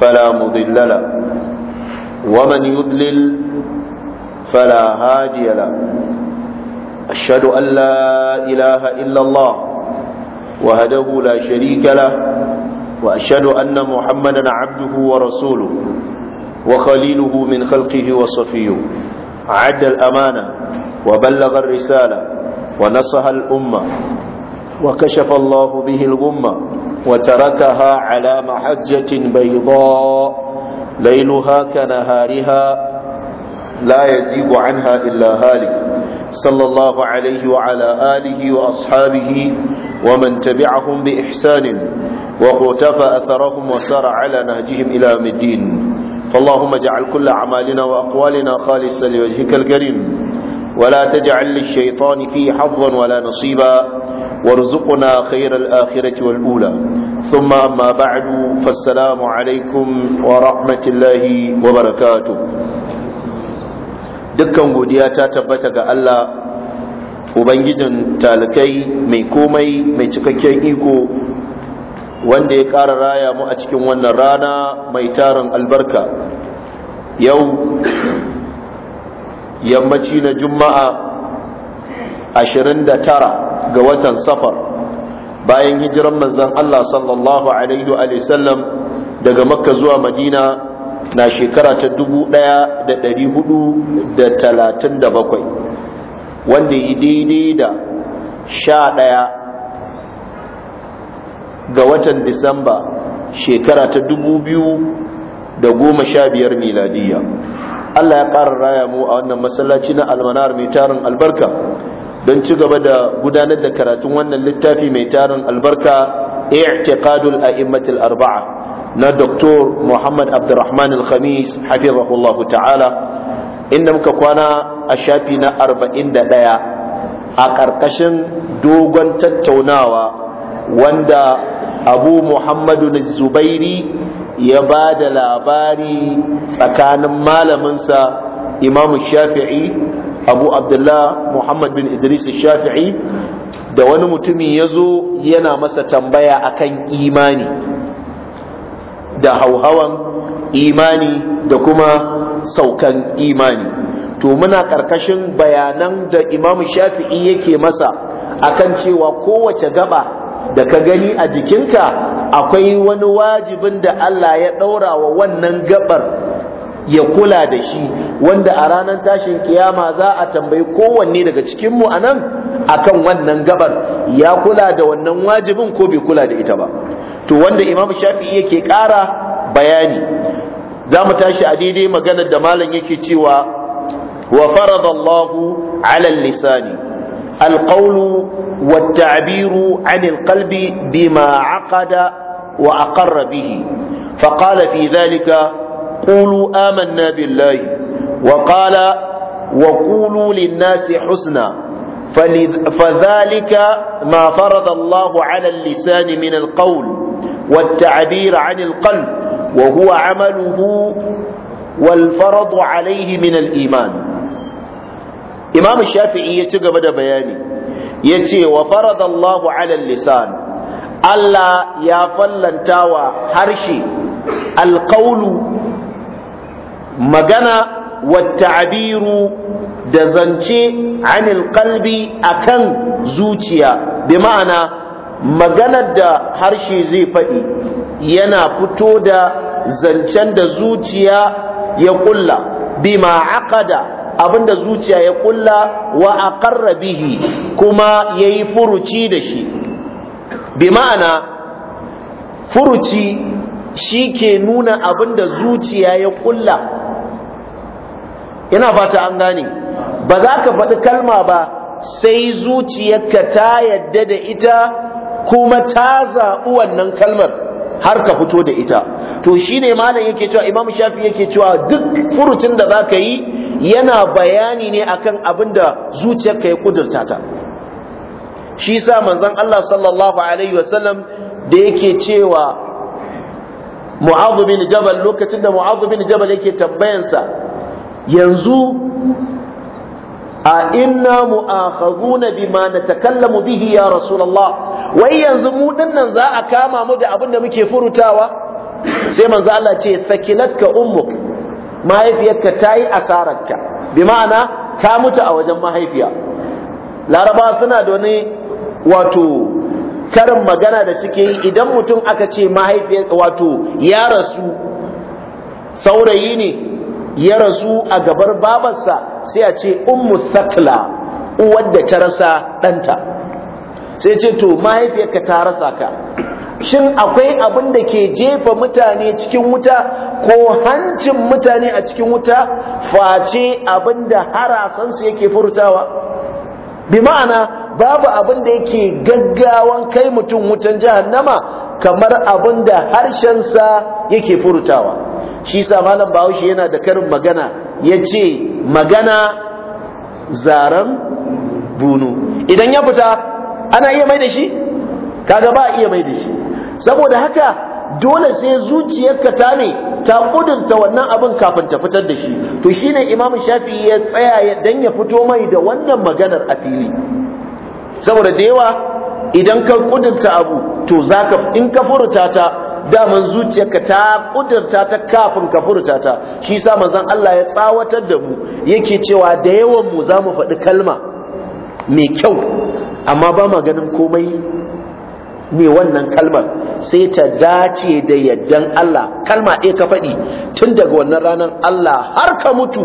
فلا مضل له ومن يضلل فلا هادي له أشهد أن لا إله إلا الله وهده لا شريك له وأشهد أن محمدا عبده ورسوله وخليله من خلقه وصفيه عد الأمانة وبلغ الرسالة ونصح الأمة وكشف الله به الغمة وتركها على محجة بيضاء ليلها كنهارها لا يزيغ عنها إلا هالك صلى الله عليه وعلى آله وأصحابه ومن تبعهم بإحسان وقتفى أثرهم وسار على نهجهم إلى مدين فاللهم اجعل كل أعمالنا وأقوالنا خالصا لوجهك الكريم ولا تجعل للشيطان فيه حظا ولا نصيبا وارزقنا خير الآخرة والأولى ثم أما بعد alaikum عليكم ورحمة الله وبركاته dukkan godiya ta tabbata ga Allah ubangijin talakai mai komai mai cikakken iko wanda ya ƙara raya mu a cikin wannan rana mai taron albarka yau yammaci na juma'a ashirin da tara. ga watan safar bayan hijiran manzon Allah sallallahu alaihi wa sallam daga makka zuwa madina na shekara ta 1437 wanda yi daidai da sha ɗaya ga watan disamba shekara ta 2015 miladiyya Allah ya ƙara raya mu a wannan masallaci na almanar mai tarin albarka don ci gaba da gudanar da karatun wannan littafi mai tarin albarka i'tiqadul a'immatul arba'a na Dr. Muhammad Abdurrahman Al-Khamis hafizahullahu ta'ala inda muka kwana a shafi na 41 a ƙarƙashin dogon tattaunawa wanda Abu Muhammadu Zubairi ya ba da labari tsakanin malaminsa Imam Shafi'i abu abdullah muhammad bin idris shafi'i da wani mutumi ya zo yana masa tambaya akan imani da hauhawan imani da kuma saukan imani to muna karkashin bayanan da imam shafi'i yake masa akan cewa kowace gaba da ka gani a jikinka akwai wani wajibin da Allah ya ɗaura wa wannan gabar ya kula da shi wanda a ranar tashin kiyama za a tambayi kowanne daga cikinmu a nan akan wannan gabar ya kula da wannan wajibin ko bai kula da ita ba to wanda imam shafi'i yake ƙara bayani za mu tashi a daidai maganar da malam yake cewa wa farada Allahu ala lisani alqawlu wat ta'biru anil kalbi bima aqada wa aqarra bihi فقال في ذلك قولوا آمنا بالله وقال وقولوا للناس حسنا فذلك ما فرض الله على اللسان من القول والتعبير عن القلب وهو عمله والفرض عليه من الإيمان إمام الشافعي يتقب هذا بياني يتي وفرض الله على اللسان ألا يفلن تاوى هرشي القول magana wata abiru da zance anil qalbi akan zuciya bi ma'ana maganar da harshe zai faɗi yana fito da zancen da zuciya ya kulla bima aqada abinda zuciya ya kulla wa aqarra bihi kuma yayi furuci da shi bi ma'ana furuci shi ke nuna abinda zuciya ya kulla Yana fata an gane ba za ka faɗi kalma ba sai zuciyarka ta yadda da ita kuma ta zaɓi wannan kalmar har ka fito da ita to shi shine malam yake cewa imam shafi yake cewa duk furucin da za ka yi yana bayani ne akan abin da zuciyarka ya kudurta ta shi sa manzan Allah sallallahu alaihi wasallam da yake cewa Mu'adh bin Jabal lokacin da Mu'adh bin Jabal yake tambayansa yanzu a inna mu'akhazuna bima natakallamu bihi ya rasulullah wai yanzu mu dinnan za a kama mu da abin da muke furutawa sai manzo Allah ce thakilatka ummuk mahaifiyarka tayi asararka bima'ana ta ka mutu a wajen mahaifiya laraba suna da wani wato karin magana da suke yi idan mutum aka ce mahaifiyar wato ya rasu saurayi ne ya rasu a gabar babarsa sai a ce ummu sakla uwar da ta rasa ɗanta sai ce to mahaifiyarka ta rasa ka shin akwai abin da ke jefa mutane cikin wuta ko hancin mutane a cikin wuta face abin da harasansu yake furtawa bi ma'ana babu abin da yake gaggawan kai mutum wutan nama, kamar abin da harshensa yake furtawa shi sa malam bahaushe yana da karin magana ya ce magana zaren bunu idan ya fita ana iya mai da shi kaga ba iya mai da shi saboda haka dole sai zuciyarka ta ne ta kudinta wannan abin kafin ta fitar da shi to shine imamu shafi ya tsaya dan ya fito mai da wannan maganar a fili saboda da yawa idan ka kudinta abu to ka in ka furta ta daman zuciyarka ta kudurta ta kafin ka furta ta shi sa manzon Allah ya tsawatar da mu yake cewa da yawan mu zamu faɗi kalma mai kyau amma ba ma ganin komai mai wannan kalmar sai ta dace da yaddan Allah kalma ɗaya ka faɗi tun daga wannan ranar Allah har ka mutu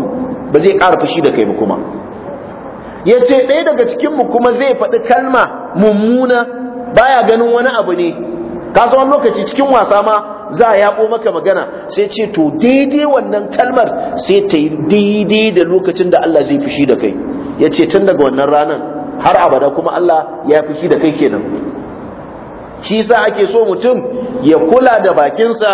ba zai ƙara fushi da kai ba kuma ya ce ɗaya daga cikinmu kuma zai faɗi kalma mummuna baya ganin wani abu ne ka san lokaci cikin wasa ma za a yabo maka magana sai ce to daidai wannan kalmar sai ta yi daidai da lokacin da Allah zai fushi da kai ya ce tun daga wannan ranar har abada kuma Allah ya fushi da kai kenan shi sa ake so mutum ya kula da bakinsa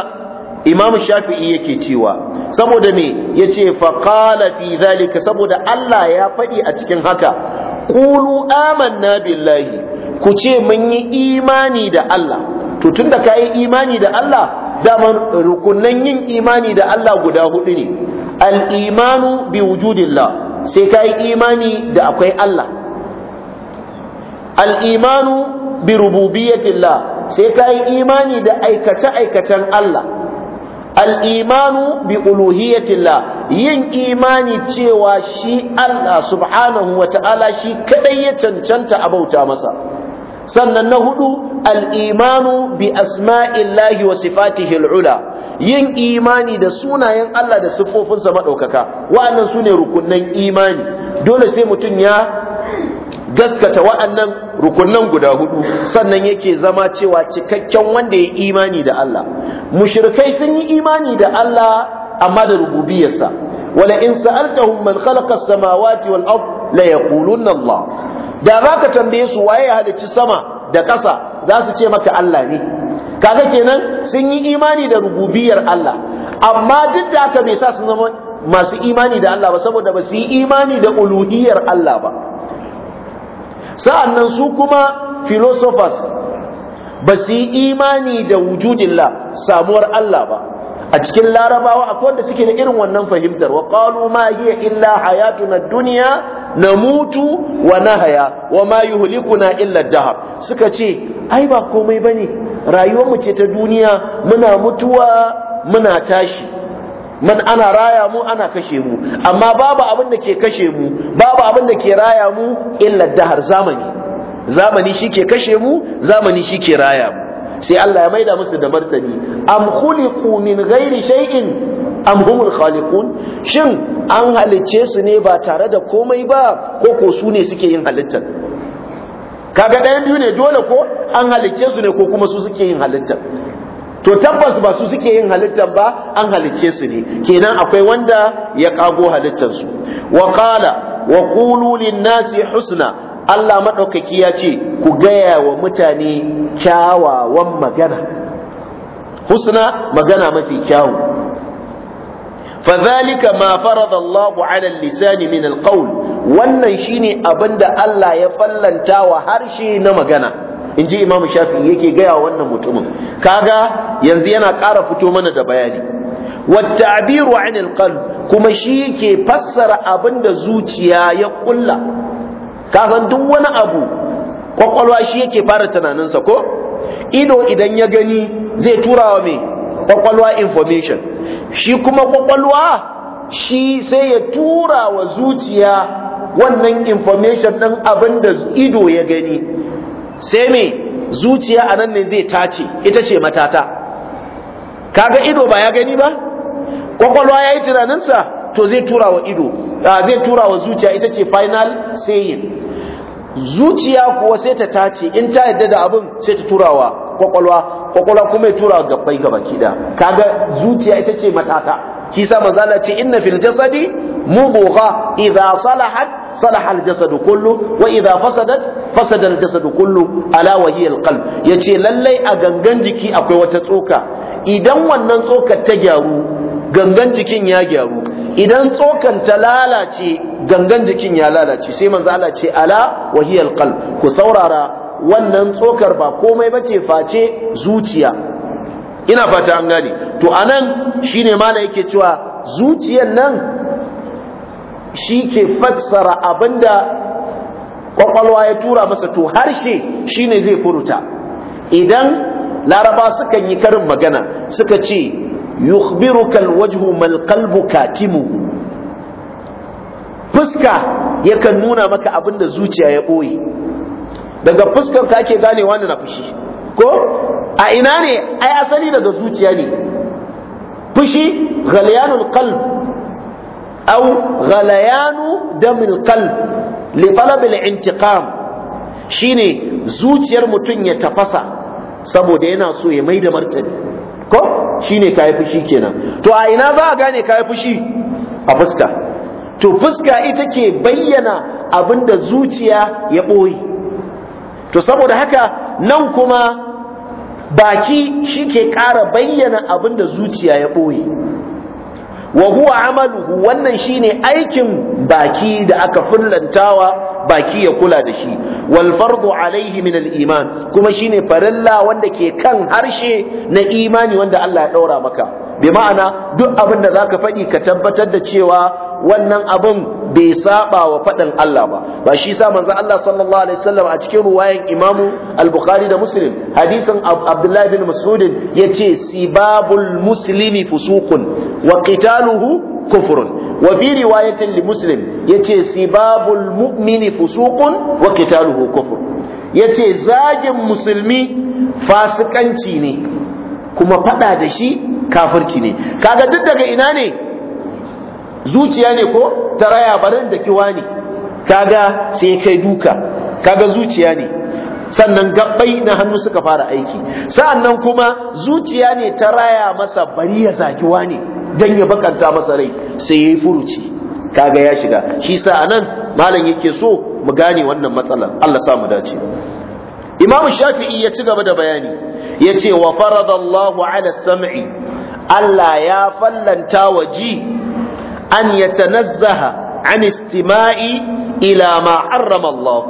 imam shafi'i yake cewa saboda me yace fa qala fi zalika saboda Allah ya faɗi a cikin haka qulu amanna billahi ku ce mun yi imani da Allah to tunda ka yi imani da Allah damar rukunan yin imani da Allah guda hudu ne Al'imanu bi wujudillah sai ka yi imani da akwai Allah alimanu bi rububiyyatillah sai ka yi imani da aikace-aikacen Allah alimanu bi uluhiyyatillah yin imani cewa shi Allah subhanahu wa ta'ala shi kadai ya cancanta a bauta masa sannan na hudu al-imanu bi asma'illahi wa sifatihi al-ula yin imani da sunayen Allah da siffofinsa maɗaukaka, wa'annan sune rukunnan imani dole sai mutum ya gaskata wa'annan rukunan guda hudu sannan yake zama cewa cikakken wanda ya imani da Allah Mushirikai sun yi imani da Allah amma da rububiyarsa wala in sa'altahum man khalaqa as-samawati wal ard la yaquluna Allah da za ka tambaye su waye ya halicci sama da ƙasa za su ce maka Allah ne kaga kenan sun yi imani da rububiyar Allah amma duk da haka bai sa su zama masu imani da Allah ba saboda ba su yi imani da uluhiyar Allah ba sa'annan su kuma philosophers ba su yi imani da wujudillah samuwar Allah ba a cikin larabawa akwai wanda suke da irin wannan fahimtar wa qalu ma hiya illa hayatuna duniya. namutu wa nahaya wa ma yuhlikuna illa dahab suka ce ai ba komai bane rayuwar mu ce ta duniya muna mutuwa muna tashi man ana raya mu ana kashe mu amma babu abin da ke kashe mu babu abin da ke raya mu illa dahar zamani zamani shike kashe mu zamani shike raya mu sai Allah ya maida musu da martani am khuliqu min ghairi shay'in am humul khaliqun shin an halicce su ne ba tare da komai ba ko ko su ne suke yin halittar kaga ɗayan biyu ne dole ko an halicce su ne ko kuma su suke yin halittar to tabbas ba su suke yin halittar ba an halicce su ne kenan akwai wanda ya kago halittar su wa qala wa qulu lin nasi husna Allah madaukaki ya ce ku gaya wa mutane kyawawan magana husna magana mafi kyawu fadhalika ma farada Allahu ala al-lisan min al-qawl wannan shine abinda Allah ya fallanta wa harshe na magana inji Imam Shafi'i yake gaya wannan mutumin kaga yanzu yana ƙara fito mana da bayani wata abiru an al-qalb kuma shi ke fassara abin da zuciya ya ƙulla. Kasan duk wani abu ƙwaƙwalwa shi yake fara tunaninsa ko ido idan ya gani zai tura wa mai ƙwaƙwalwa information shi kuma kwakwalwa shi sai ya tura wa zuciya wannan information ɗin abin da ido ya gani sai me zuciya a nan ne zai tace ita ce matata kaga ido ba ya gani ba kwakwalwa ya yi tunaninsa to zai tura wa ido zai tura wa zuciya ita ce final saying zuciya kuwa sai ta tace in ta yadda da abin sai ta turawa kwakwalwa kwakwalwa kuma ya tura gabbai gaba kida kaga zuciya ita ce matata kisa manzo Allah ce inna fil jasadi mubugha idza salahat salaha al jasad kullu wa idza fasadat fasada al jasad kullu ala wa hiya al qalb yace lallai a gangan jiki akwai wata tsoka idan wannan tsokar ta gyaru gangan jikin ya gyaru idan tsokan ta lalace gangan jikin ya lalace sai manzo Allah ce ala wa hiya al qalb ku saurara wannan tsokar ba komai bace face zuciya ina fata an gani to a anan shine mala yake cewa zuciyan nan shi ke fassara abinda kwakwalwa ya tura masa to harshe shine zai furuta idan laraba sukan yi karin magana suka ce yukbiru kalwajhu mal Katimu, fuska yakan nuna maka abinda zuciya ya ɓoye daga fuskar ka ake gane wanda na fushi ko a ina ne ai asali daga zuciya ne fushi ghalayanul qalb aw ghalayanu damil qalb li talab al intiqam shine zuciyar mutum ya tafasa saboda yana so ya maida martani ko shine kai fushi kenan to a ina za a gane kai fushi a fuska to fuska ita ke bayyana abinda zuciya ya ɓoye to saboda haka nan kuma baki shi ke ƙara bayyana abin da zuciya ya ɓoye wa huwa amaluhu wannan shine aikin baki da aka fullantawa baki ya kula da shi wal fardu alaihi min al iman kuma shine farilla wanda ke kan harshe na imani wanda Allah ya daura maka bi ma'ana duk abin da za ka faɗi ka tabbatar da cewa wannan abin bai saba wa faɗin Allah ba ba shi sa manzo Allah sallallahu alaihi wasallam a cikin ruwayan Imam Al-Bukhari da Muslim hadisin Abdullah bin Mas'ud yace sibabul muslimi fusuqun wa qitaluhu kufrun wa fi riwayatin li Muslim yace sibabul mu'mini fusuqun wa qitaluhu kufr yace zagin musulmi fasikanci ne kuma faɗa da shi kafirci ne kaga duk daga ina ne zuciya ne ko ta raya barin da kiwa ne kaga sai kai duka kaga zuciya ne sannan gabbai na hannu suka fara aiki sa'annan kuma zuciya ne ta raya masa bari ya zakiwa ne dan ya bakanta masa rai sai yayi furuci kaga ya shiga shi sa anan malam yake so mu gane wannan matsalar Allah sa mu dace Imam Shafi'i ya ci gaba da bayani yace wa faradallahu ala sam'i Allah ya fallanta wa ji an tanazzaha an istima'i ila ma harrama Allah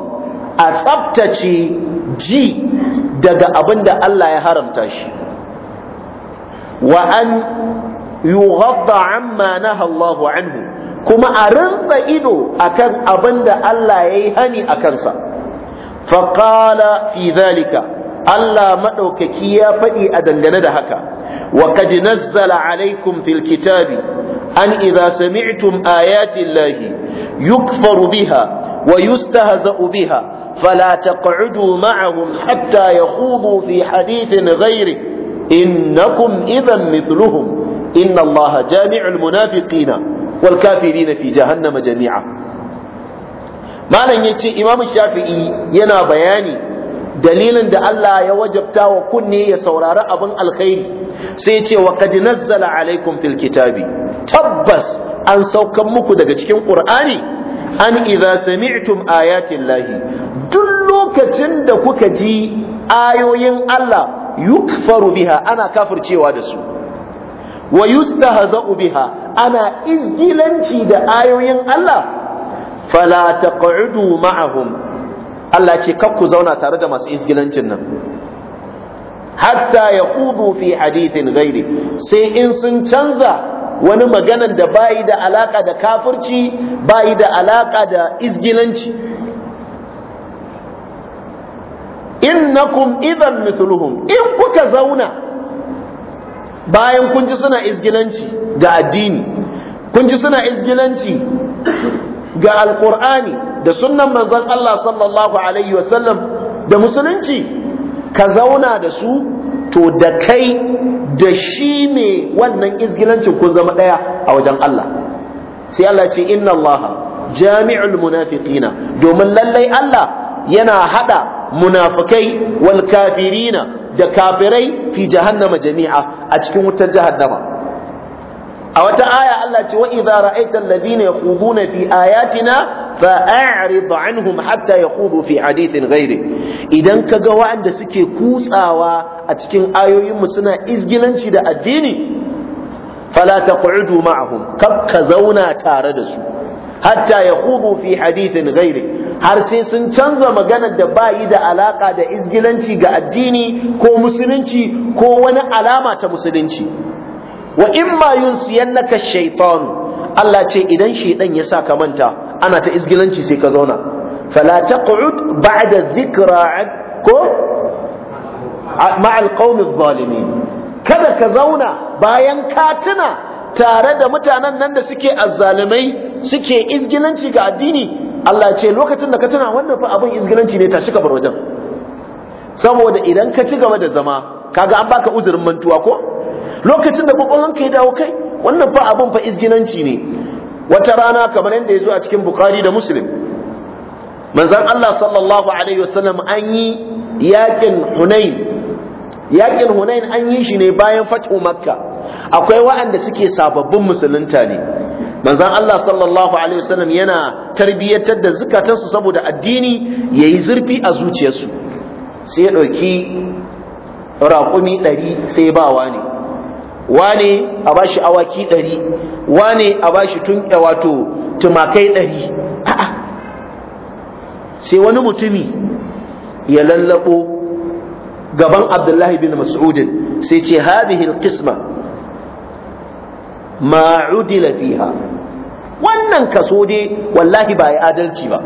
a tsabtace ji daga abin da Allah ya haramta shi wa an yughadda amma naha Allah anhu kuma a rinsa ido akan abin da Allah ya yi hani a kansa faqala fi zalika Allah maɗaukaki ya faɗi a dangane da haka وقد نزل عليكم في الكتاب أن إذا سمعتم آيات الله يكفر بها ويستهزأ بها فلا تقعدوا معهم حتى يخوضوا في حديث غيره إنكم إذا مثلهم إن الله جامع المنافقين والكافرين في جهنم جميعا ما لن يتشي إمام الشافعي ينا بياني dalilin da Allah ya wajabta wa kunne ya saurari abin alkhairi sai ce wa di nazzala alaikum fil kitabi tabbas an saukan muku daga cikin qur'ani an idza sami'tum ayati llahi duk lokacin da kuka ji ayoyin Allah yukfaru biha ana kafircewa da su wa yustahza'u biha ana izgilanci da ayoyin Allah fala taq'udu ma'ahum Allah ce kar ku zauna tare da masu isgilancin nan hatta yaqudu fi hadithin ghairi sai in sun canza wani maganan da bayi da alaka da kafirci bayi da alaka da isgilanci innakum idan mithluhum in kuka zauna bayan kun ji suna izgilanci ga addini kun ji suna izgilanci ga alqur'ani da sunnan manzon Allah sallallahu alaihi wasallam da musulunci ka zauna da su to da kai da shi ne wannan izgilancin kun zama daya a wajen Allah sai Allah ce inna Allah jami'ul munafiqina domin lallai Allah yana hada munafikai wal kafirina da kafirai fi jahannama jami'a a cikin wutar jahannama a wata aya Allah ce wa idza ra'aita alladhina yakhuduna fi ayatina fa'rid anhum hatta yakhudu fi hadithin ghairi idan kaga waɗanda suke kutsawa a cikin ayoyin mu suna izgilanci da addini fala taq'udu ma'ahum kab ka zauna tare da su hatta yakhudu fi hadithin ghairi har sai sun canza maganar da ba yi da alaka da izgilanci ga addini ko musulunci ko wani alama ta musulunci wa ma yunsiyannaka shaytan Allah ce idan shaydan ya sa ka manta ana ta izgilanci sai ka zauna fala taq'ud ba'da dhikra ko ma'al qawmi adh-dhalimin kada ka zauna bayan ka tuna tare da mutanen nan da suke azzalumai suke izgilanci ga addini Allah ce lokacin da ka tuna wannan fa abin izgilanci ne tashi ka bar wajen saboda idan ka ci gaba da zama kaga an baka uzurin mantuwa ko lokacin da kwakwalwanka ya dawo kai wannan fa abin fa izginanci ne wata rana kamar yadda ya zo a cikin bukari da muslim manzan allah sallallahu alaihi wasallam an yi yakin hunain yakin hunain an yi shi ne bayan fat'u makka akwai wa'anda suke sababbin musulunta ne manzan Allah sallallahu alaihi wasallam yana tarbiyyatar da zukatansu saboda addini yayi zurfi a zuciyarsu sai ya ɗauki raƙumi ɗari sai bawa ne wane a bashi awaki ɗari wane a bashi tunƙe eh, wato tumakai ɗari a'a sai wani mutumi ya lallabo gaban abdullahi bin mas'udin sai ce hadhihi Kisma, ma fiha wannan kaso dai wallahi ba ya adalci ba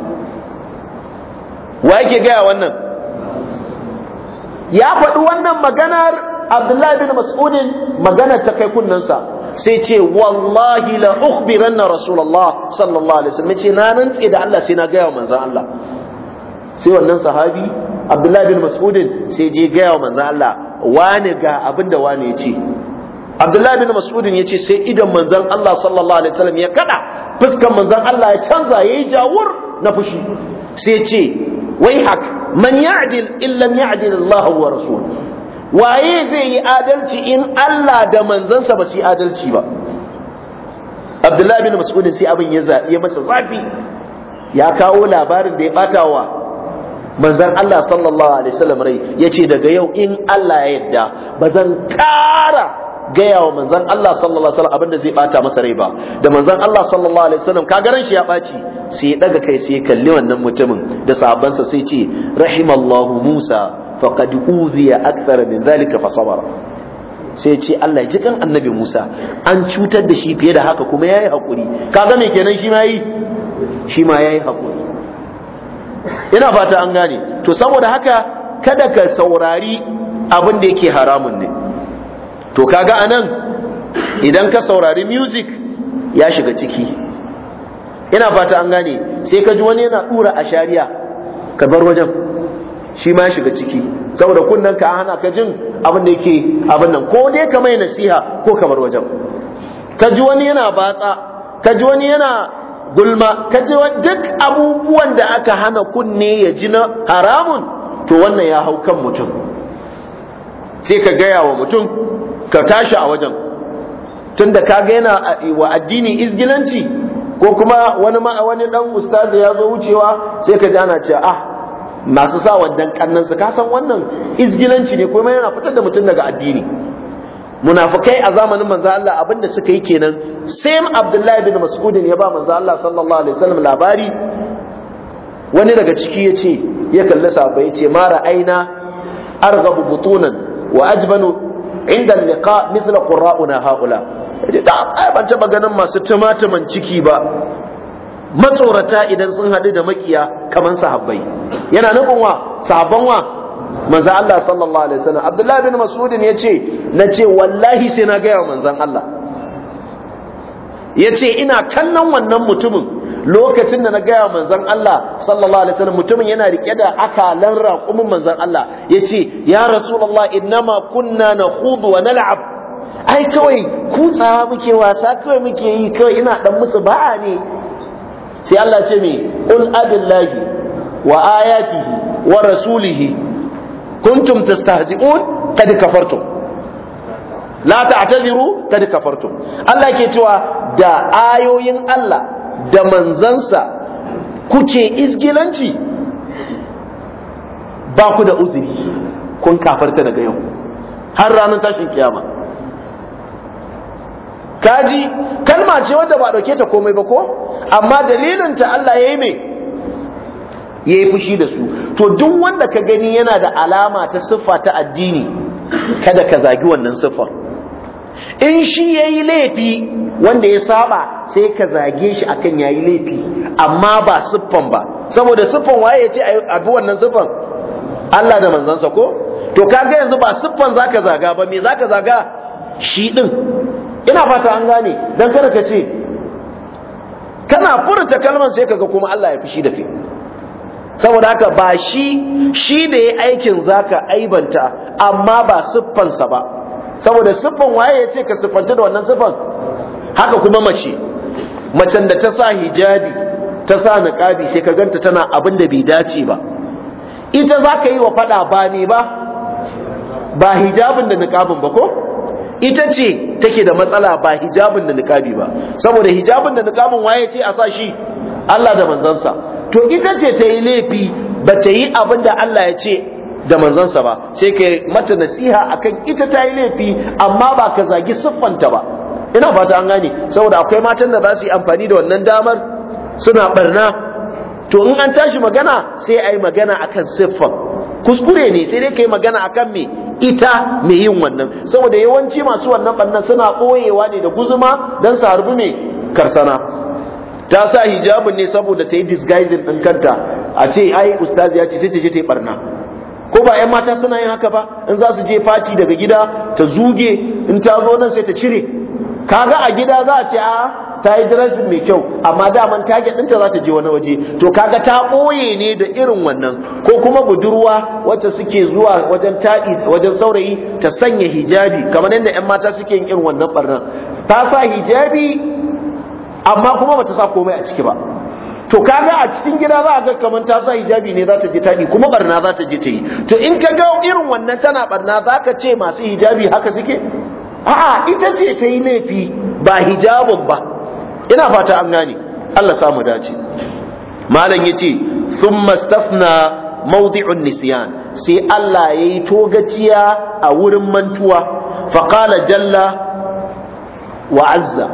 wa yake gaya wannan ya faɗi wannan maganar abdullahi bin mas'udin magana ta kai kunnansa sai ce wallahi la ukhbiranna rasulullah sallallahu alaihi wasallam ce na rantse da Allah sai na gaya wa manzon Allah sai wannan sahabi abdullahi bin mas'udin sai je gaya wa manzon Allah wani ga abinda wani ya ce Abdullahi bin Mas'udin ya ce sai idan manzon Allah sallallahu alaihi wasallam ya kada Fuskar manzon Allah ya canza yayi jawur na fushi sai ce wai hak man ya'dil in lam ya'dil Allah wa rasul waye zai yi adalci in Allah da manzansa ba su yi adalci ba Abdullahi bin Mas'ud sai abin ya ya masa zafi ya kawo labarin da ya bata wa manzan Allah sallallahu alaihi wasallam rai yace daga yau in Allah ya yarda bazan ƙara gaya wa manzan Allah sallallahu alaihi wasallam abinda zai bata masa rai ba da manzan Allah sallallahu alaihi wasallam ka shi ya baci sai ya daga kai sai ya kalli wannan mutumin da sahabbansa sai ce rahimallahu Musa faqad uziya akthara min zalika fa sabara sai ce Allah ji kan annabi Musa an cutar da shi fiye da haka kuma yayi hakuri kaga me kenan shi ma yi shi ma yayi hakuri ina fata an gane to saboda haka kada ka saurari abin da yake haramun ne to kaga anan idan ka saurari music ya shiga ciki ina fata an gane sai ka ji wani yana dura a shari'a ka bar wajen shi ma shiga ciki saboda kunnen ka hana ka jin abin da yake abin nan ko dai ka mai nasiha ko kamar wajen ka ji wani yana batsa ka ji wani yana gulma ka ji duk abubuwan da aka hana kunne ya ji na haramun to wannan ya hau kan mutum sai ka gaya wa mutum ka tashi a wajen tunda ka ga yana wa addini izgilanci ko kuma wani ma wani dan ustazi ya zo wucewa sai ka ji ana cewa ah masu sa wannan kannan su kasan wannan izgilanci ne kuma yana fitar da mutum daga addini munafikai a zamanin manzo Allah abinda suka yi kenan same Abdullahi bin Mas'ud ya ba manzo Allah sallallahu alaihi wasallam labari wani daga ciki yace ya kalli sahabbai yace ma ra'aina arghabu butunan wa ajbanu inda liqa mithla qurra'una haula yace ta ah, ai ban taba ganin masu tumatuman ciki ba matsorata idan sun haɗu da makiya kamar sahabbai yana nufin wa sahabban wa manzan Allah sallallahu alaihi wasallam Abdullahi bin Mas'udin ya ce na wallahi sai na gaya manzan Allah ya ce ina kallon wannan mutumin lokacin da na gaya manzan Allah sallallahu alaihi wasallam mutumin yana rike da akalan raƙumin manzan Allah ya ce ya rasulullah innama kunna nakhudu wa nal'ab ai kawai kutsawa muke wasa kawai muke yi kawai ina dan musu ba'a ne sai Allah ce me qul abillahi wa ayatihi wa rasulihi kuntum tastahzi'un kad kafartum la ta'tadiru kad kafartum Allah ke cewa da ayoyin Allah da manzansa kuke izgilanci ba ku da uzuri kun kafarta daga yau har ranar tashin kiyama kaji kalma ce wadda ba dauke ta komai ba ko amma dalilin ta Allah yayi me yayi fushi da su to duk wanda ka gani yana da alama ta siffa ta addini kada ka zagi wannan siffa in shi yayi laifi wanda ya saba sai ka zage shi akan yayi laifi amma ba siffan ba saboda siffan waye ya ce abi wannan siffan Allah da manzansa ko to kaga yanzu ba siffan zaka zaga ba me zaka zaga shi din ina fata an gane dan kada ka ce kana furta kalmar sai kaga kuma Allah ya fushi da kai saboda haka ba shi shi da ya aikin zaka aibanta amma ba siffansa ba saboda siffan waye ya ce ka siffanta da wannan siffan haka kuma mace macen da ta sa hijabi ta sa niqabi sai ka ganta tana abin da bai dace ba ita zaka yi wa fada ba ne ba ba hijabin da niqabin ba ko ita ce take da matsala ba hijabin da niqabi ba saboda hijabin da niqabin waye ce a sa shi Allah da manzansa to ita ce ta yi laifi ba ta yi abin da Allah ya ce da manzansa ba sai kai mata nasiha akan ita ta yi laifi amma ba ka zagi siffanta ba ina fata an gane saboda akwai matan da za su yi amfani da wannan damar suna barna to in an tashi magana sai a magana akan siffan kuskure ne sai dai ka yi magana akan me ita mai yin wannan saboda yawanci masu wannan bannan suna koyewa ne da guzuma don su harbi mai karsana ta sa hijabin ne saboda ta yi disguising din kanta a ce ai ustazi ya ce sai ta je ta yi barna ko ba 'yan mata suna yin haka ba in za su je fati daga gida ta zuge in ta zo nan sai ta cire kaga a gida za a ce a ta yi dressing mai kyau amma daman target ɗinta za ta je wani waje to kaga ta ɓoye ne da irin wannan ko kuma budurwa wacce suke zuwa wajen taɗi wajen saurayi ta sanya hijabi kamar yadda 'yan mata suke yin irin wannan ɓarnar ta sa hijabi amma kuma ba ta sa komai a ciki ba to kaga a cikin gida za a ga kamar ta sa hijabi ne za ta je taɗi kuma barna za ta je ta yi to in ka ga irin wannan tana barna za ka ce masu hijabi haka suke a'a ita ce ta yi laifi ba hijabun ba ina fata an gane Allah samu dace malam yace thumma stafna mawdi'un nisyan sai Allah yayi togaciya a wurin mantuwa qala jalla wa azza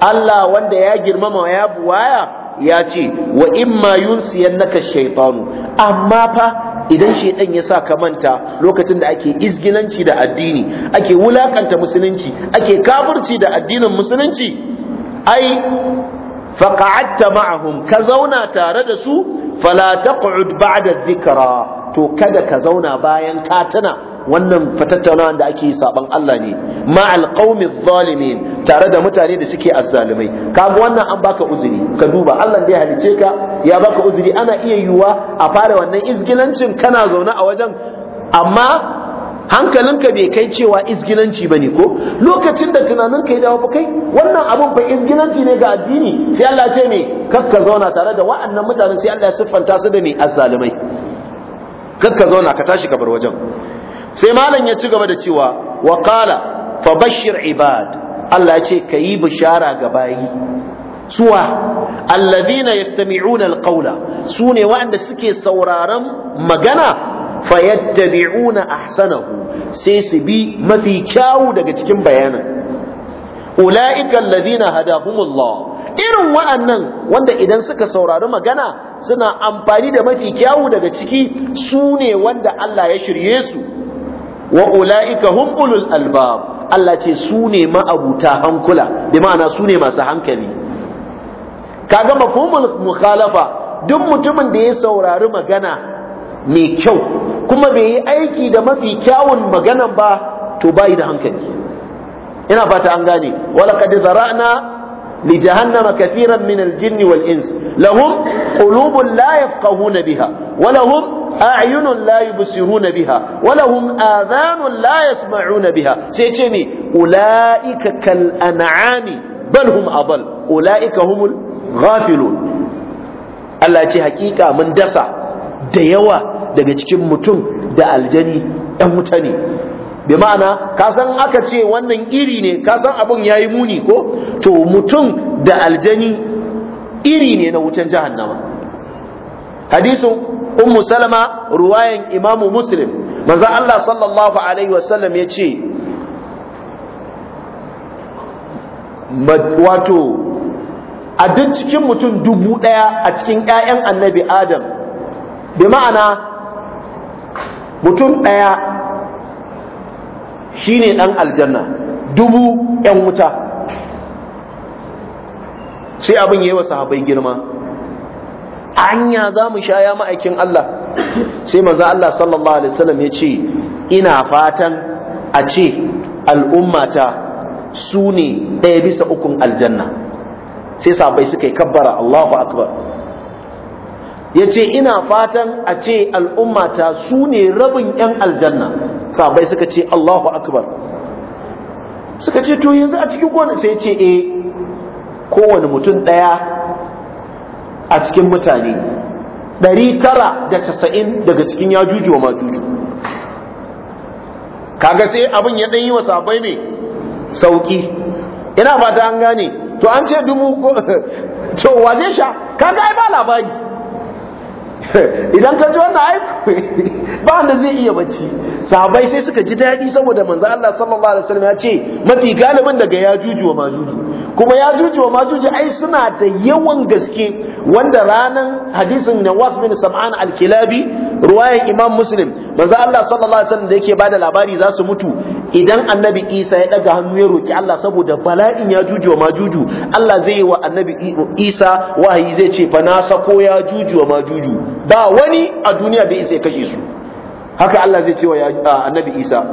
Allah wanda ya girmama ya buwaya ya ce wa imma yunsiyannaka shaytanu amma fa idan ɗan ya sa ka manta lokacin da ake izginanci da addini ake wulakanta musulunci ake kafirci da addinin musulunci ai faqa'atta ma'ahum ka zauna tare da su fala taq'ud ba'da dhikra to kada ka zauna bayan ka tana wannan fatattaunawa da ake yi saban Allah ne ma alqaumi zalimin tare da mutane da suke azzalimai kaga wannan an baka uzuri ka duba Allah da ya halice ka ya baka uzuri ana iya yiwuwa a fara wannan izgilancin kana zaune a wajen amma hankalinka bai kai cewa izgilanci bane ko lokacin da tunaninka ya dawo ba kai wannan abun fa izgilanci ne ga addini sai Allah ce me kakka zauna tare da wa'annan mutanen sai Allah ya siffanta su da me azzalimai kakka zauna ka tashi ka bar wajen sai malam ya ci gaba da cewa wa qala fabashshir ibad Allah ya ce kayi bishara ga bayi suwa alladhina yastami'una alqawla sune waɗanda suke sauraron magana fayattabi'una ahsanahu sai su bi mafi kyawu daga cikin bayanin ula'ika alladhina hadahumullah irin wa'annan wanda idan suka saurari magana suna amfani da mafi kyawu daga ciki sune wanda Allah ya shirye su wa ula'ika hum ulul albab Allah ce su ne ma'abuta hankula bi ma'ana su ne masu hankali kaga mafhumul mukhalafa duk mutumin da ya saurari magana mai kyau kuma bai yi aiki da mafi kyawun maganan ba to bai da hankali ina fata an gane wala qad zara'na li jahannama kathiran min al-jinni wal ins lahum qulubun la yafqahuna biha wa lahum a'yunun la yubsiruna biha wa lahum adhanun la yasma'una biha sai ce me ulaika kal an'ami bal hum adall ulaika humul ghafilun Allah ce hakika mun dasa da yawa daga cikin mutum da aljani ɗan wuta ne ma'ana ka san aka ce wannan iri ne ka san abun yayi muni ko to mutum da aljani iri ne na wutan jahannama hadisin ummu salama ruwayan imamu muslim manzo Allah sallallahu alaihi wasallam ya ce wato a duk cikin mutum dubu ɗaya a cikin ‘ya'yan annabi adam bi ma'ana mutum ɗaya shi ne ɗan aljanna dubu ƴan wuta sai abin yi wa sahabai girma anya za mu sha ya ma'aikin Allah sai maza Allah sallallahu alaihi wasallam ya ce ina fatan a ce al'ummata su ne ɗaya bisa ukun aljanna sai sabai suka yi kabbara Allahu akbar ya ce ina fatan a ce al'ummata su ne rabin ‘yan aljanna sabai suka ce Allahu akbar suka ce to yanzu a cikin kowane sai ce e kowane mutum ɗaya a cikin mutane ɗari tara da casa'in daga cikin ya juju wa ma juju kaga sai abin ya ɗanyi wa sabai mai sauki ina fata an gane to an ce dubu ko wa zai sha kaga ai ba labari idan ka ji wannan aiki ba wanda zai iya bacci sahabbai sai suka ji daɗi saboda manzo Allah sallallahu alaihi wasallam ya ce mafi galibin daga ya juji wa majuji kuma ya juji wa majuji ai suna da yawan gaske wanda ranan hadisin Nawas bin Sam'an al-Kilabi ruwayan imam muslim manzo Allah sallallahu alaihi wasallam da yake bada labari za su mutu idan annabi isa ya daga hannu ya roki Allah saboda bala'in ya juju wa majuju Allah zai yi wa annabi isa wahayi zai ce fa na sako ya juju wa majuju ba wani a duniya bai isa ya kashe su haka Allah zai ce wa annabi isa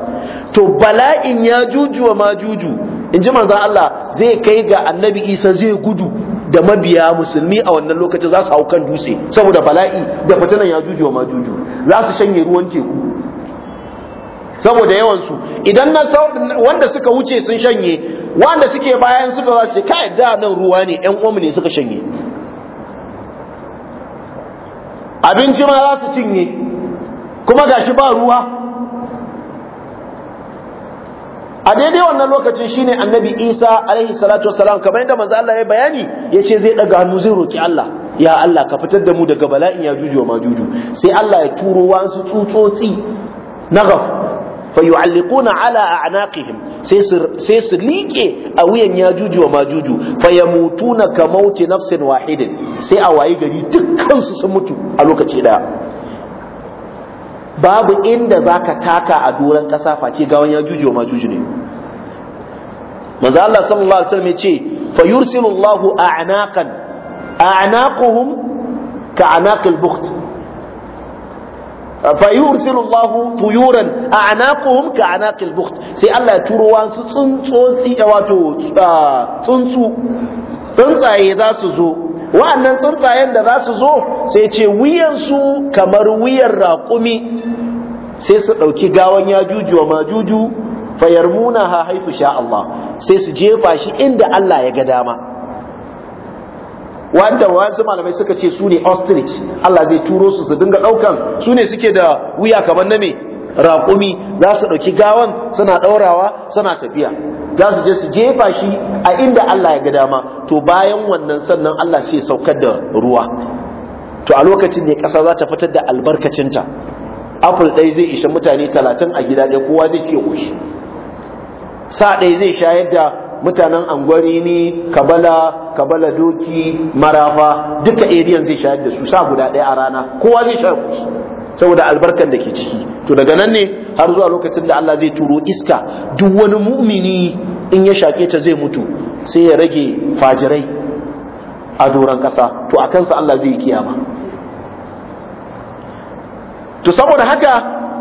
to bala'in ya juju wa majuju in ji manzo Allah zai kai ga annabi isa zai gudu da mabiya musulmi a wannan lokacin za su hau kan dutse saboda bala'i da fitinan ya juju ma juju za su shanye ruwan teku saboda yawansu idan na wanda suka wuce sun shanye wanda suke bayan suka za su ce kai da nan ruwa ne yan uwanmu ne suka shanye abinci ma za su cinye kuma gashi ba ruwa a daidai wannan lokacin shine annabi isa alaihi salatu wasalam kamar yadda manzo Allah ya bayani Ya ce zai daga hannu zai roki Allah ya Allah ka fitar da mu daga bala'in ya juju ma juju sai Allah ya turo wasu tsutsotsi na gaf fa yu'alliquna ala a'naqihim sai su sai su liƙe a wuyan ya juju ma juju fa yamutuna ka mauti nafsin wahidin sai a wayi gari dukkan su sun mutu a lokaci daya babu inda zaka taka a doron ƙasa face ga wani juju ma juju ne manzo Allah sallallahu alaihi wasallam yace fa yursilu Allah a'naqan a'naquhum ka al bukht fa yursilu Allah tuyuran a'naquhum ka al bukht sai Allah ya turo wasu tsuntsotsi wato tsuntsu tsuntsaye za su zo wa'annan tsuntsayen da za su zo sai ce wuyansu kamar wuyar raƙumi sai su ɗauki gawan ya juju wa majuju muna ha haifu sha Allah sai su jefa shi inda Allah ya ga dama wanda wasu malamai suka ce su ne ostrich Allah zai turo su su dinga ɗaukan su ne suke da wuya kamar na mai. raƙumi za su ɗauki gawan suna ɗaurawa suna tafiya za su je su jefa shi a inda Allah ya ga dama to bayan wannan sannan Allah sai saukar da ruwa to a lokacin ne ƙasa za ta fitar da albarkacinta apple ɗaya zai ishe mutane talatin a gida ɗaya kowa zai ce ƙoshi sa ɗaya zai shayar da mutanen angwari ne kabala kabala doki marafa duka eriyan zai shayar da su sa guda ɗaya a rana kowa zai shayar ƙoshi saboda albarkar da ke ciki to daga nan ne har zuwa lokacin da Allah zai turo iska duk wani mu'mini in ya shake ta zai mutu sai ya rage fajirai a doron ƙasa to a kansa Allah zai kiyama to saboda haka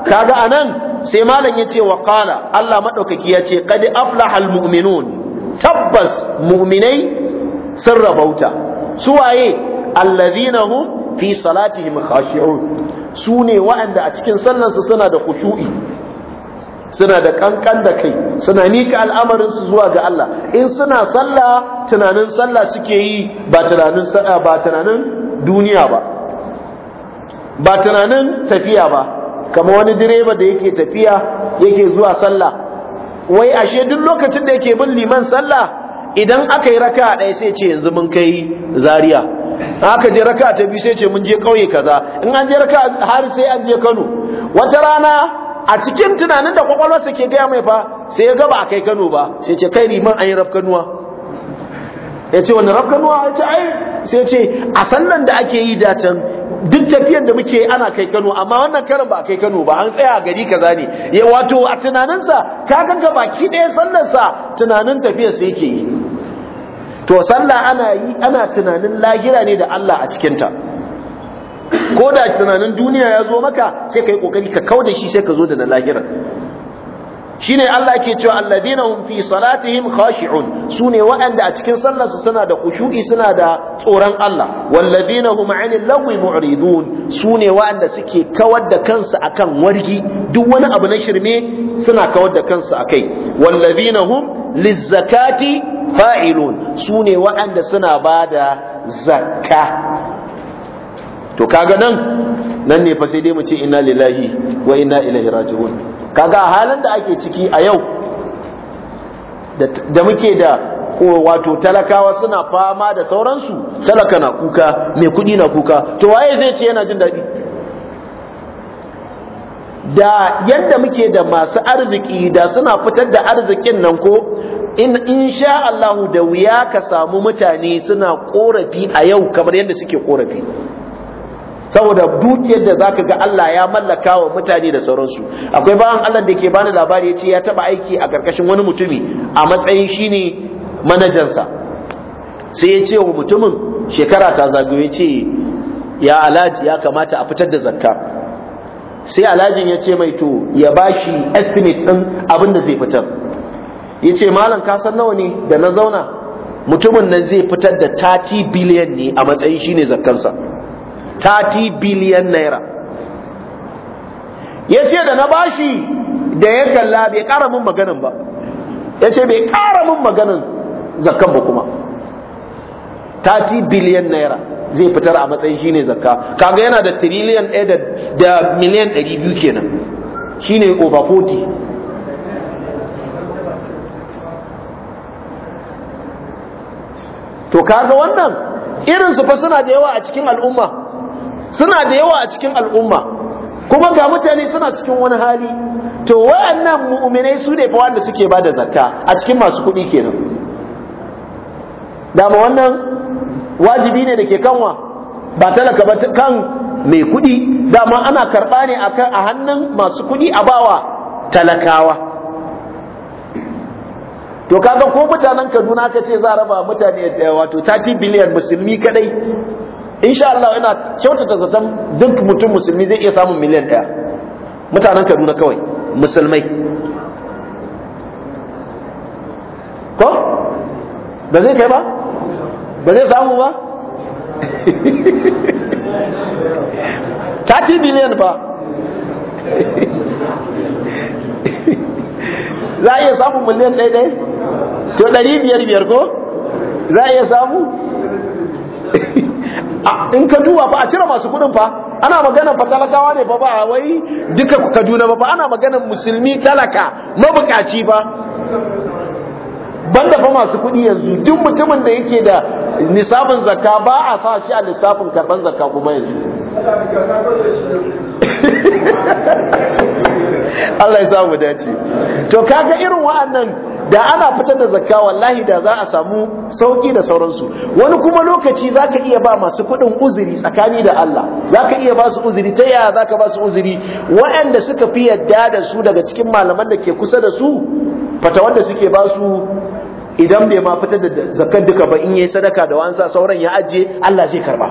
kaga anan sai malam ya ce wa qala Allah maɗaukaki ya ce kadi aflahal mu'minun tabbas mu'minai sun rabauta suwaye allazina hum fi salatihim khashi'un su ne waɗanda a cikin sallansu suna da kushu'i suna da ƙanƙan da kai suna nika al'amarinsu zuwa ga Allah in suna sallah tunanin sallah suke yi ba tunanin duniya ba ba tunanin tafiya ba kama wani direba da yake tafiya yake zuwa sallah wai ashe duk lokacin da yake bin liman sallah idan aka yi raka ɗaya sai ce yanzu mun kai Zariya. aka je raka ta biyu sai ce mun je kauye kaza in an je raka har sai an je Kano wata rana a cikin tunanin da kwakwalwarsa ke gaya mai fa sai ya ga ba kai Kano ba sai ce kai riman an yi rafkanuwa ya ce wani rafkanuwa ya ce ai sai ce a sannan da ake yi da can duk tafiyan da muke ana kai Kano amma wannan karin ba kai Kano ba an tsaya gari kaza ne ya wato a tunaninsa ka ganga baki ɗaya sa tunanin tafiyar tafiyarsa yake yi to sallah ana yi ana tunanin lahira ne da Allah a cikinta ko da tunanin duniya ya zo maka sai ka yi ƙoƙari ka kau da shi sai ka zo da na lahira shine Allah yake cewa alladina hum fi salatihim khashi'un sune waɗanda a cikin sallarsu suna da khushu'i suna da tsoron Allah walladina hum 'anil lagwi mu'ridun sune waɗanda suke kawar da kansu akan wargi duk wani abu na shirme suna kawar da kansu akai walladina hum lizzakati fa'ilun sune waɗanda suna bada zakka to kaga nan nan ne fa sai dai mu ce inna lillahi wa inna ilaihi raji'un kaga halin da ake ciki a yau da muke da wato talakawa suna fama da sauransu talaka na kuka mai kudi na kuka to waye zai ce yana jin daɗi da yadda muke da masu arziki da suna fitar da arzikin nan ko in insha Allahu da wuya ka samu mutane suna korafi a yau kamar yadda suke korafi saboda dukiyar da zaka ga Allah ya mallaka wa mutane da sauransu akwai bayan Allah da ke bani labari yace ya taba aiki a karkashin wani mutumi a matsayin shine manajansa sai ya ce wa mutumin shekara ta zagayo ya ya alaji ya kamata a fitar da zakka sai alajin ya ce mai to ya bashi estimate din abin da zai fitar yace ce malam ka san nawa ne da na zauna mutumin nan zai fitar da 30 billion ne a matsayin shine zakkansa 30 biliyan naira ya ce da na bashi da ya kalla bai ƙara mun maganin ba ya ce bai ƙara mun maganin zakkan ba kuma 30 biliyan naira zai fitar a matsayin shine zakka kaga yana da tiriliyan ɗaya da miliyan ɗari biyu kenan shine over 40 to kaga wannan irin su fa suna da yawa a cikin al'umma suna da yawa a cikin al'umma kuma ga mutane suna cikin wani hali to wayannan mu'minai su ne fa wanda suke ba da zakka a cikin masu kuɗi kenan dama wannan wajibi ne da ke kanwa ba talaka ba kan mai kuɗi dama ana karɓa ne a hannun masu kuɗi a bawa talakawa to kaga ko mutanen kaduna ka ce za a raba mutane eh, wato 30 biliyan musulmi kadai insha Allah yana kyautata zaton duk mutum musulmi zai iya samun miliyan ɗaya mutanen Kaduna kawai musulmai ko ba zai kai ba ba zai samu ba 30 miliyan ba za a iya samun miliyan ɗaya ɗaya to ɗari biyar biyar ko za a iya samu in ka duba ba a cire masu kuɗin fa ana magana fa talakawa ne ba ba wai duka Kaduna ba ba ana magana musulmi talaka mabukaci ba banda fa masu kuɗi yanzu duk mutumin da yake da nisabin zakka ba a sa shi a lissafin karban zakka kuma yanzu Allah ya samu dace to kaga irin wa'annan da ana fitar da zakka wallahi da za a samu sauki da sauransu wani kuma lokaci zaka iya ba masu kuɗin uzuri tsakani da Allah zaka iya ba su uzuri ta yaya zaka ba su uzuri waɗanda suka fi yadda da su daga cikin malaman da ke kusa da su fata wanda suke ba su idan bai ma fitar da zakkar duka ba in yayi sadaka da wansa sauran ya ajiye Allah zai karba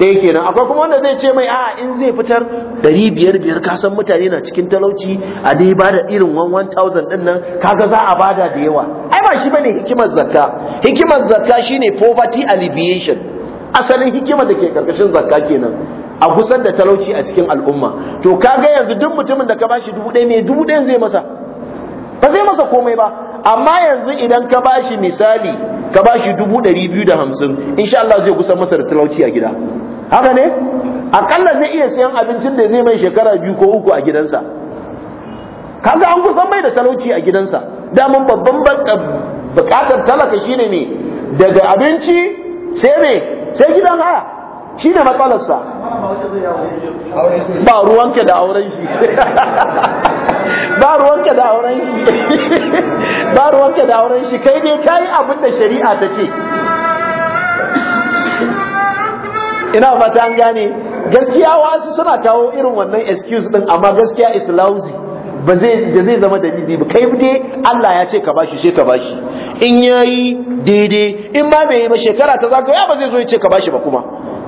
yake kenan akwai kuma wanda zai ce mai a in zai fitar ɗari kasan mutane na cikin talauci a dai ba da irin 1000 one ɗin nan kaga za a bada da yawa ai ba shi bane hikimar zakka hikimar zakka shine poverty alleviation asalin hikimar da ke karkashin zakka kenan a kusan da talauci a cikin al'umma to kaga yanzu duk mutumin da ka bashi dubu ɗaya mai dubu ɗaya zai masa ba zai masa komai ba amma yanzu idan ka bashi misali ka bashi 250 insha Allah zai kusa masa da talauci a gida haka ne akalla zai iya sayan abincin da zai mai shekara biyu ko uku a gidansa kaga an kusan mai da talauci a gidansa daman babban eh, bukatar talaka shine ne daga abinci sai ne, sai gidan haya shine matsalarsa ba ruwanka da auren shi ba ruwanka da auren shi da auren shi kai dai kai abin da shari'a ta ce ina fata an gane gaskiya wasu suna kawo irin wannan excuse din amma gaskiya is lousy ba zai zama da bibi ba kai dai Allah ya ce ka bashi sai ka bashi in yayi daidai in ma bai yi ba shekara ta zaka ya ba zai zo ya ce ka bashi ba kuma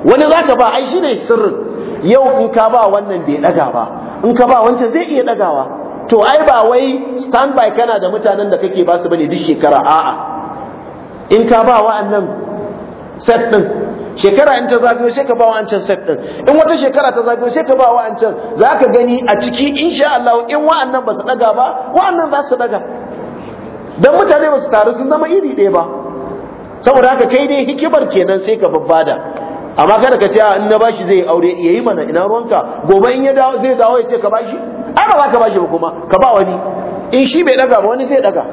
wani zaka ba ai shine sirrin yau in ka ba wannan bai daga ba in ka ba wancan zai iya dagawa to ai ba wai standby kana da mutanen da kake ba basu bane duk shekara a'a in ka ba wa'annan set din shekara in ta zagayo sai ka ba wa'ancan set din in wata shekara ta zagayo sai ka ba wa'ancan zaka gani a ciki insha Allah in wa'annan ba su daga ba wa'annan za su daga dan mutane ba su taru sun zama iri ɗaya ba saboda haka kai dai hikimar kenan sai ka babbada amma kada ka ce in na bashi zai aure yayi mana ina ruwanka gobe in ya dawo zai dawo ya ce ka bashi ai ba za ka bashi ba kuma ka ba wani in shi bai daga ba wani zai daga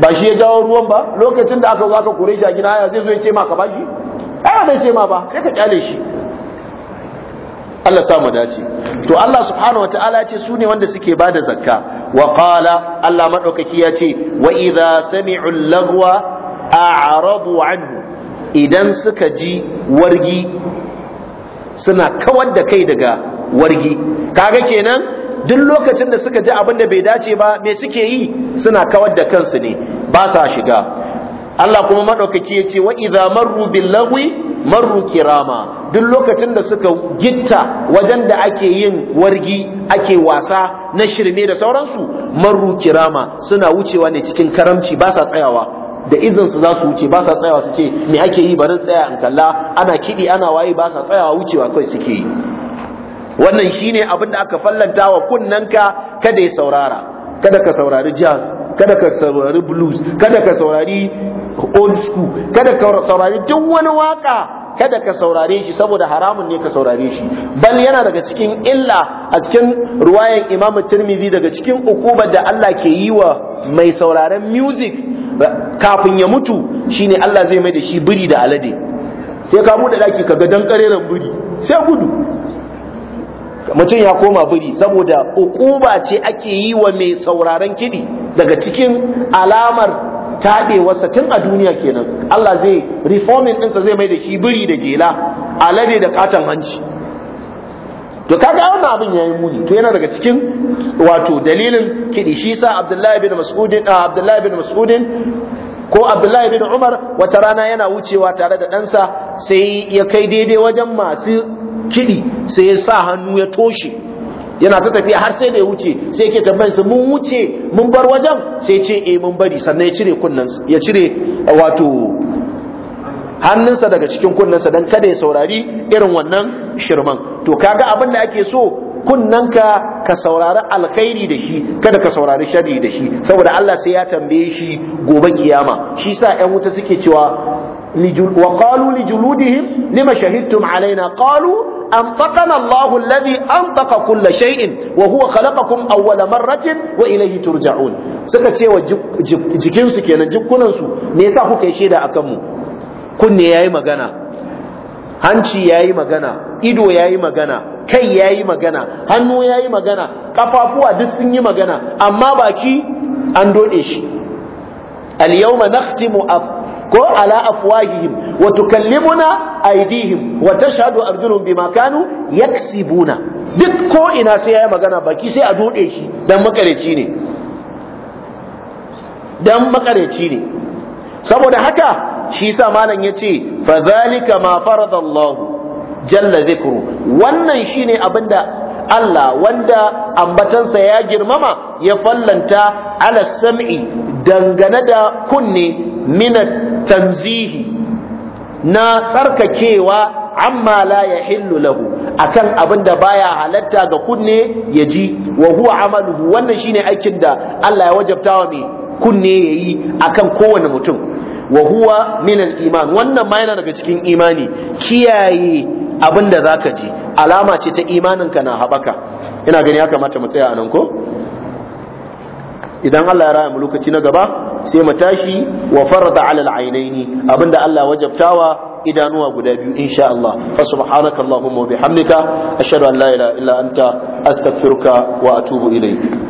ba shi ya jawo ruwan ba lokacin da aka zo aka kure shi a gina haya zai zo ya ce ma ka bashi ai ba zai ce ma ba sai ka kyale shi Allah sa mu dace to Allah subhanahu wataala ce su ne wanda suke bada zakka wa qala Allah madaukaki ya ce wa idza sami'u lagwa a'radu anhu idan suka ji wargi suna kawar da kai daga wargi kaga kenan duk lokacin da suka ji abin da bai dace ba me suke yi suna kawar da kansu ne ba sa shiga Allah kuma madaukaki ya ce wa idza marru bil lagwi marru kirama duk lokacin da suka gitta wajen da ake yin wargi ake wasa na shirme da sauransu marru kirama suna wucewa ne cikin karamci ba sa tsayawa da izinsu za su wuce ba sa tsayawa su ce me ake yi bari tsaya in kalla ana kiɗi ana waye ba sa tsayawa wucewa kai suke yi wannan shine abin da aka fallanta wa kunnanka kada ya saurara kada ka saurari jazz kada ka saurari blues kada ka saurari old school kada ka saurari duk wani waka kada ka saurare shi saboda haramun ne ka saurare shi bal yana daga cikin illa a cikin ruwayan Imam Tirmidhi daga cikin ukubar da Allah ke yi wa mai sauraren music kafin ya mutu shine Allah zai mai da shi biri da alade sai ka bude daki kaga dan kareran biri sai gudu mutum ya koma biri saboda ukuba ce ake yi wa mai sauraron kiɗi daga cikin alamar taɓewarsa tun a duniya kenan Allah zai reforming ɗinsa zai mai da shi biri da jela alade da katon hanci to kaga wannan abin yayi muni to yana daga cikin wato dalilin kiɗi shi sa Abdullahi bin Mas'udin ah, Abdullahi bin Mas'udin ko Abdullahi bin Umar wata rana yana wucewa tare da ɗansa sai ya kai daidai wajen masu kiɗi sai ya sa hannu ya toshe yana ta tafiya har sai da ya wuce sai yake tambayar su mun wuce mun bar wajen sai ce eh mun bari sannan ya cire kunnan ya cire wato hannunsa daga cikin sa, don kada ya saurari irin wannan shirman to kaga abin da ake so kunnanka ka ka saurari alkhairi da shi kada ka saurari shari da shi saboda Allah sai ya tambaye shi gobe kiyama shi sa ƴan wuta suke cewa وقالوا لجلودهم لما شهدتم علينا قالوا أنطقنا الله الذي أنطق كل شيء وهو خلقكم أول مرة وإليه ترجعون سكتشي وجكنسو كينا جكننسو نيسا هو كيشيدا أكمو كن ياي مغانا hanci yayi magana ido yayi magana kai yayi magana hannu yayi magana kafafuwa duk sun yi magana amma baki an dode shi al yawma nakhtimu ko ala afwahihim wa tukallimuna aydihim wa tashhadu arjuluhum bima kanu yaksibuna duk ko ina sai yayi magana baki sai a dode shi dan makareci ne dan makareci ne saboda haka shi sa malam yace fa zalika ma farada jalla dhikru wannan shine abinda Allah wanda ambatansa ya girmama ya fallanta ala sam'i dangane da kunne minat tanzihi na tsarkakewa amma la hillu lahu akan abin da baya halatta ga kunne ya ji wa huwa amaluhu wannan shine aikin da Allah ya wajabta wa mai kunne ya yayi akan kowane mutum wa huwa min iman wannan ma yana daga cikin imani kiyaye abin da zaka ji alama ce ta imaninka na haɓaka, ina gani ya kamata mu tsaya anan ko idan Allah ya raya mu lokaci na gaba sai mu tashi wa farada ala al-ainaini abinda Allah wajabtawa idanuwa guda biyu insha Allah fa subhanaka allahumma wa bihamdika ashhadu an la ilaha illa anta astaghfiruka wa atubu ilayk